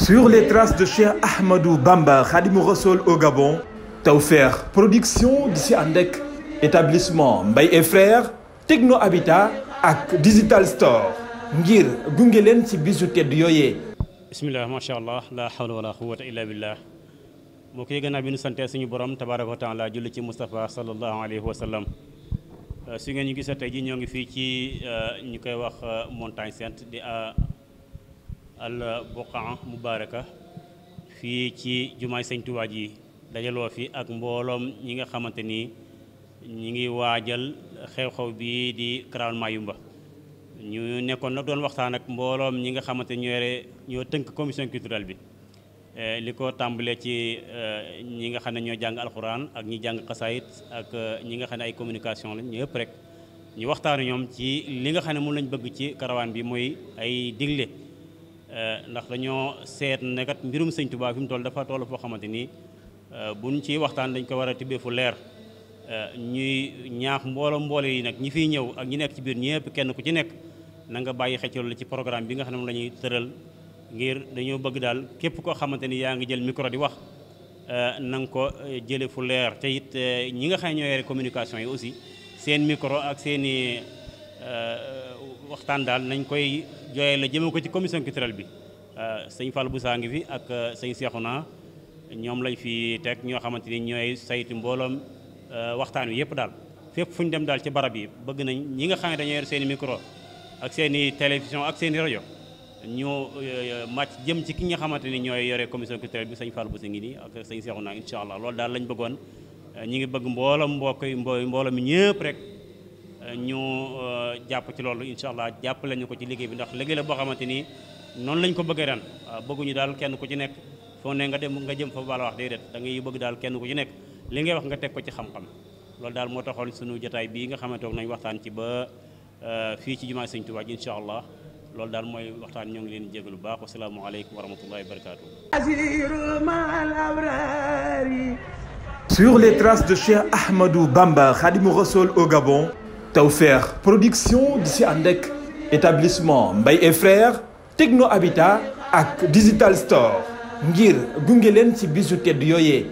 Sur les traces de Cheikh Ahmadou Bamba Khadimou Rassoul au Gabon Tawfekh Production di si ànd ak établissement Mbaye et Frères Techno Habitat ak Digital Store ngir gunge leen ci bisu tedd yooyee bismillah macha allah la hawla wala quwwata illa billah mbokk yi gannaaw bi ñu sante suñu borom tabaraka wa taala julli ci Moustapha sallallahu alayhi wa Euh, su ngeen ñu gisee tey ji ñoo ngi fii ci euh, ñu koy wax euh, montagne sainte di al buqaa mubaraka fii ci jumaay sëñ Tuubaa yi dajaloo fi ak mbooloom ñi nga xamante ni ñi ngi waajal xew-xew bii di Crown Mayumba ñu nekkoon nag doon waxtaan ak mbooloom ñi nga xamante ñoo yore ñoo tënk commission culturelle bi Eh, li ko tàmbalee ci eh, ñi nga xam ne ñoo jàng alxuraan ak ñi jàng xasaayit ak eh, ñi nga xam ne ay communication lañ ñëpp rek ñu waxtaanu ñoom ci li nga xam ne mun lañ bëgg ci karawaan bi mooy ay digle ndax dañoo seet nekat mbirum sëñ Tuubaa fi mu toll dafa toll foo xamante ni buñ ci waxtaan dañ ko war a tibbee fu leer ñuy ñaax mboolo mboole yi nag ñi fiy ñëw ak ñu nekk ci biir ñëpp kenn ku ci nekk na nga bàyyi xel ci loolu ci programme bi nga xam ne moom la ñuy tëral ngir dañoo bëgg daal képp koo xamante ni yaa ngi jël micro di wax euh, na nga ko euh, jële fu leer te it euh, ñi nga xam ne yi aussi seen micro ak seen i waxtaan daal nañ koy jooyee la jëme ko ci commission culturelle bi sëñ Fall bu ngi fi ak sëñ Seexuna ñoom lañ fi teg ñoo xamante ni ñooy saytu mbooloom waxtaan wi yëpp daal fépp fu ñu dem daal ci barab yi bëgg nañ ñi nga xam dañu dañoo yor micro ak seen i télévision ak seeni rajo ñu euh, màcc jëm ci ki nga xamante ni ñooy yore commission culturelle bi sëñ Fall bu si ngi nii ak sëñ Seexu naa incha allah loolu daal lañ bëggoon euh, ñi ngi bëgg mbooloo mbokk mbooloo mi ñëpp rek euh, ñu jàpp ci loolu incha allah jàppale ñu ko ci liggéey bi ndax liggéey la boo xamante ni noonu lañ ko bëgg a ren bëgguñu daal kenn ku ci nekk foo ne nga dem nga jëm fa bala wax déedéet da ngay bëgg daal kenn ku ci nekk li ngay wax nga teg ko ci xam-xam loolu daal moo taxoon suñu jotaay bii nga xamante nañ waxtaan ci ba fii ci jumaa sëñ Tuubaa ji incha loolu daal mooy waxtaan ñoo ngi leen jégalu baax wasalaamualeykum wa rahmatullahi wa barakaatu. Sur les traces de Cheikh Ahmadou Bamba Khadimou Rassoul au Gabon Tawfekh Production di si ànd établissement Mbaye et Frères Techno Habitat ak Digital Store ngir gunge leen ci bisu tedd yooyee